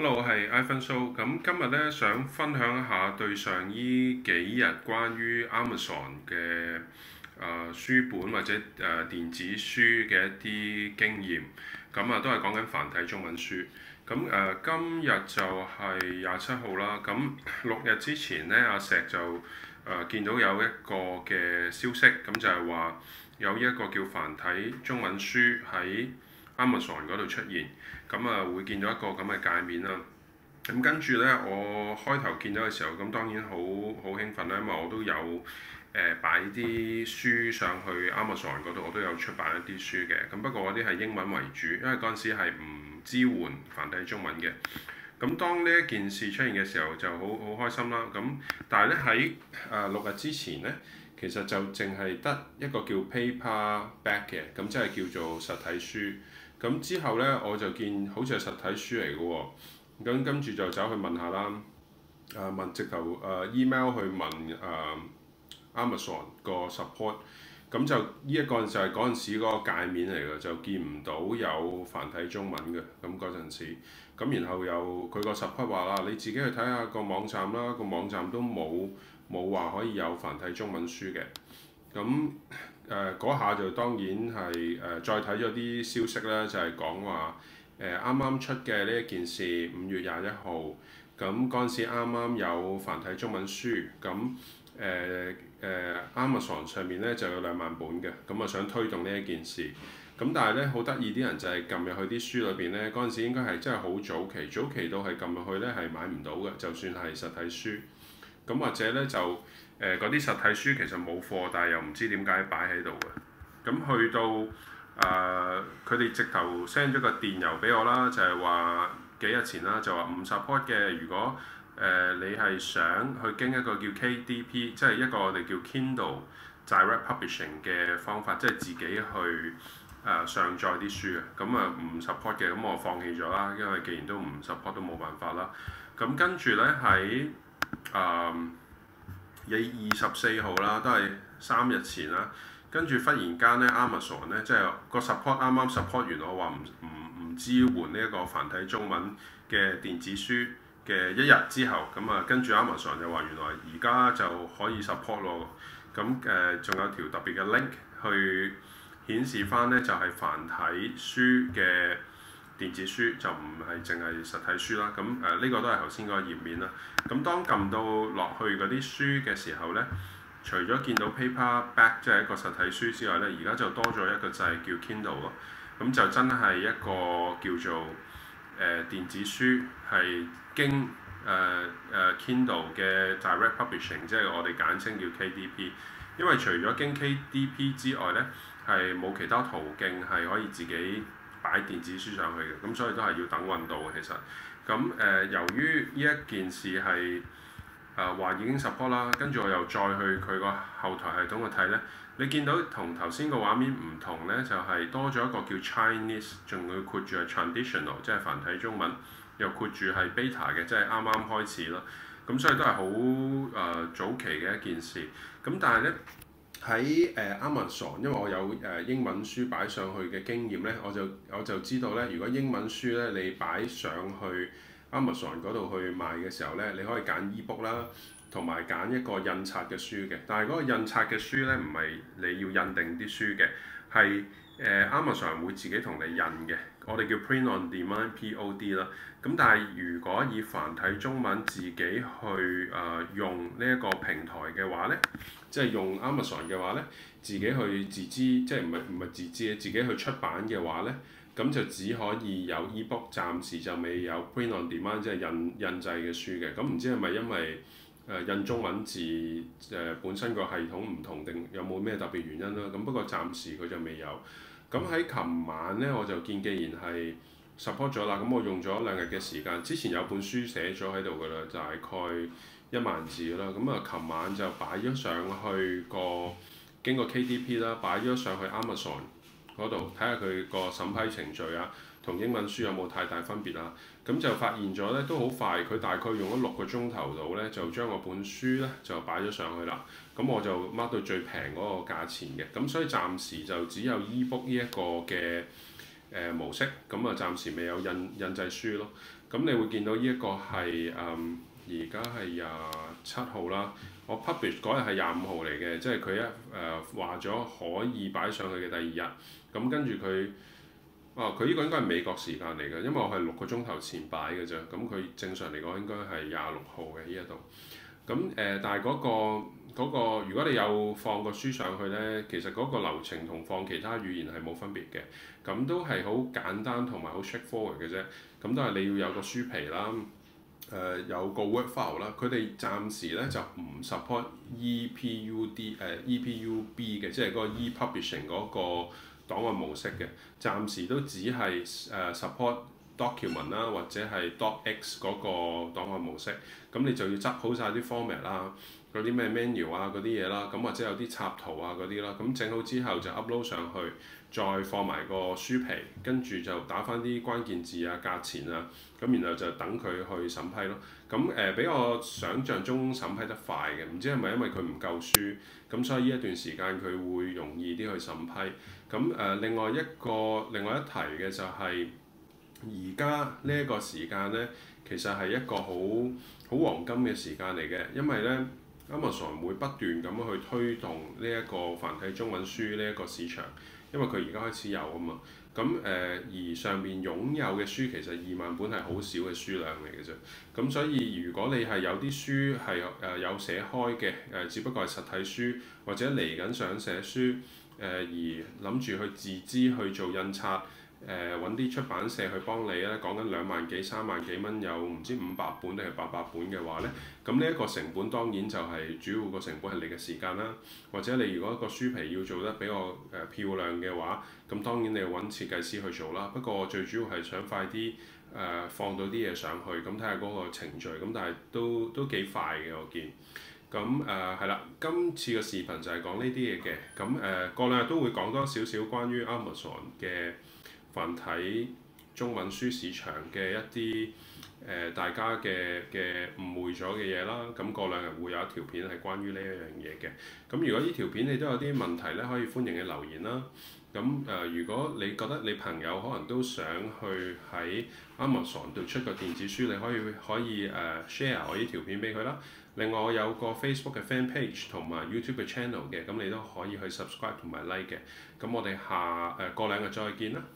hello，我係 Ivan So，咁今日呢，想分享一下對上依幾日關於 Amazon 嘅誒、呃、書本或者誒、呃、電子書嘅一啲經驗，咁、嗯、啊都係講緊繁體中文書，咁、嗯、誒、呃、今日就係廿七號啦，咁六日之前呢，阿、啊、石就誒、呃、見到有一個嘅消息，咁就係話有一個叫繁體中文書喺 Amazon 嗰度出現，咁啊會見到一個咁嘅界面啦。咁跟住咧，我開頭見到嘅時候，咁當然好好興奮啦，因為我都有誒擺啲書上去 Amazon 嗰度，我都有出版一啲書嘅。咁不過嗰啲係英文為主，因為嗰陣時係唔支援繁體中文嘅。咁當呢一件事出現嘅時候，就好好開心啦。咁但係咧喺誒六日之前咧，其實就淨係得一個叫 paperback 嘅，咁即係叫做實體書。咁之後呢，我就見好似係實體書嚟嘅喎，咁跟住就走去問下啦，誒問直頭誒、呃、email 去問誒、呃、Amazon 個 support，咁、嗯、就呢一、這個就係嗰陣時個界面嚟嘅，就見唔到有繁體中文嘅，咁嗰陣時，咁然後又佢個 support 話啦，你自己去睇下個網站啦，個網站都冇冇話可以有繁體中文書嘅，咁、嗯。誒嗰、呃、下就當然係誒、呃、再睇咗啲消息啦，就係講話誒啱啱出嘅呢一件事，五月廿一號，咁嗰陣時啱啱有繁體中文書，咁誒誒 Amazon 上面咧就有兩萬本嘅，咁、嗯、我想推動呢一件事，咁但係咧好得意，啲人就係撳入去啲書裏邊咧，嗰陣時應該係真係好早期，早期到係撳入去咧係買唔到嘅，就算係實體書。咁或者咧就誒嗰啲實體書其實冇貨，但係又唔知點解擺喺度嘅。咁去到誒，佢、呃、哋直頭 send 咗個電郵俾我啦，就係、是、話幾日前啦，就話唔 support 嘅。如果誒、呃、你係想去經一個叫 KDP，即係一個我哋叫 Kindle Direct Publishing 嘅方法，即、就、係、是、自己去誒、呃、上載啲書嘅。咁啊唔 support 嘅，咁我放棄咗啦，因為既然都唔 support 都冇辦法啦。咁跟住咧喺誒二二十四號啦，都係三日前啦，跟住忽然間咧，Amazon 咧即係個 support 啱啱 support 完，我話唔唔唔支援呢一個繁體中文嘅電子書嘅一日之後，咁啊跟住 Amazon 就話原來而家就可以 support 咯，咁誒仲有條特別嘅 link 去顯示翻咧就係繁體書嘅。電子書就唔係淨係實體書啦，咁誒呢個都係頭先嗰個頁面啦。咁當撳到落去嗰啲書嘅時候呢，除咗見到 Paperback 即係一個實體書之外呢，而家就多咗一個就係叫 Kindle 咯。咁就真係一個叫做誒、呃、電子書，係經誒誒、呃呃、Kindle 嘅 Direct Publishing，即係我哋簡稱叫 KDP。因為除咗經 KDP 之外呢，係冇其他途徑係可以自己擺電子書上去嘅，咁所以都係要等運到嘅。其實，咁、嗯、誒、呃、由於呢一件事係啊話已經 support 啦，跟住我又再去佢個後台系統去睇咧，你見到同頭先個畫面唔同咧，就係、是、多咗一個叫 Chinese，仲要括住係 traditional，即係繁體中文，又括住係 beta 嘅，即係啱啱開始啦。咁、嗯、所以都係好誒早期嘅一件事。咁但係咧。喺誒 Amazon，因為我有誒英文書擺上去嘅經驗咧，我就我就知道咧，如果英文書咧你擺上去 Amazon 嗰度去賣嘅時候咧，你可以揀 ebook 啦，同埋揀一個印刷嘅書嘅。但係嗰個印刷嘅書咧，唔係你要印定啲書嘅。係誒、呃、，Amazon 會自己同你印嘅，我哋叫 print on demand（P.O.D.） 啦。咁但係如果以繁體中文自己去誒、呃、用呢一個平台嘅話咧，即係用 Amazon 嘅話咧，自己去自資，即係唔係唔係自資，咧，自己去出版嘅話咧，咁就只可以有 ebook，暫時就未有 print on demand，即係印印製嘅書嘅。咁唔知係咪因為？呃、印中文字誒、呃、本身個系統唔同定有冇咩特別原因啦？咁不過暫時佢就未有。咁喺琴晚呢，我就見既然係 support 咗啦，咁我用咗兩日嘅時間。之前有本書寫咗喺度㗎啦，就大概一萬字啦。咁啊，琴晚就擺咗上去個經過 KDP 啦，擺咗上去 Amazon 嗰度睇下佢個審批程序啊。同英文書有冇太大分別啊？咁就發現咗呢，都好快。佢大概用咗六個鐘頭度呢，就將我本書呢，就擺咗上去啦。咁我就 mark 到最平嗰個價錢嘅。咁所以暫時就只有 ebook 呢一個嘅、呃、模式。咁啊，暫時未有印印製書咯。咁你會見到呢一個係而家係廿七號啦。我 publish 嗰日係廿五號嚟嘅，即係佢一誒話咗可以擺上去嘅第二日。咁跟住佢。哦，佢呢個應該係美國時間嚟㗎，因為我係六個鐘頭前擺嘅啫。咁佢正常嚟講應該係廿六號嘅呢一度。咁誒、嗯呃，但係嗰、那個嗰、那個，如果你有放個書上去呢，其實嗰個流程同放其他語言係冇分別嘅。咁、嗯、都係好簡單同埋好 straightforward 嘅啫。咁、嗯、都係你要有個書皮啦，誒、呃、有個 word file 啦。佢哋暫時呢就唔 support EPUB、呃 e、誒 EPUB 嘅，即係嗰個 e-publishing 嗰、那個。檔案模式嘅，暫時都只係誒、uh, support。document 啦，Document，或者係 docx 嗰個檔案模式，咁你就要執好晒啲 format 啦，嗰啲咩 menu 啊嗰啲嘢啦，咁或者有啲插圖啊嗰啲啦，咁整好之後就 upload 上去，再放埋個書皮，跟住就打返啲關鍵字啊價錢啊，咁然後就等佢去審批咯。咁誒、呃，比我想像中審批得快嘅，唔知係咪因為佢唔夠書，咁所以呢一段時間佢會容易啲去審批。咁誒、呃，另外一個另外一提嘅就係、是。而家呢一個時間呢，其實係一個好好黃金嘅時間嚟嘅，因為呢 Amazon 會不斷咁去推動呢一個繁體中文書呢一個市場，因為佢而家開始有啊嘛。咁誒而上面擁有嘅書其實二萬本係好少嘅書量嚟嘅啫。咁所以如果你係有啲書係誒有寫開嘅，誒只不過係實體書或者嚟緊想寫書誒而諗住去自資去做印刷。誒揾啲出版社去幫你咧，講緊兩萬幾三萬幾蚊，有唔知五百本定係八百本嘅話呢？咁呢一個成本當然就係主要個成本係你嘅時間啦。或者你如果個書皮要做得比較誒漂亮嘅話，咁當然你揾設計師去做啦。不過我最主要係想快啲誒、呃、放到啲嘢上去，咁睇下嗰個程序，咁但係都都幾快嘅我見。咁誒係啦，今次嘅視頻就係講呢啲嘢嘅，咁誒、呃、過兩日都會講多少少關於 Amazon 嘅。繁體中文書市場嘅一啲誒、呃，大家嘅嘅誤會咗嘅嘢啦。咁過兩日會有一條片係關於呢一樣嘢嘅。咁如果呢條片你都有啲問題咧，可以歡迎你留言啦。咁誒、呃，如果你覺得你朋友可能都想去喺 Amazon 度出個電子書，你可以可以誒 share、呃、我呢條片俾佢啦。另外我有個 Facebook 嘅 fan page 同埋 YouTube 嘅 channel 嘅，咁你都可以去 subscribe 同埋 like 嘅。咁我哋下誒、呃、過兩日再見啦。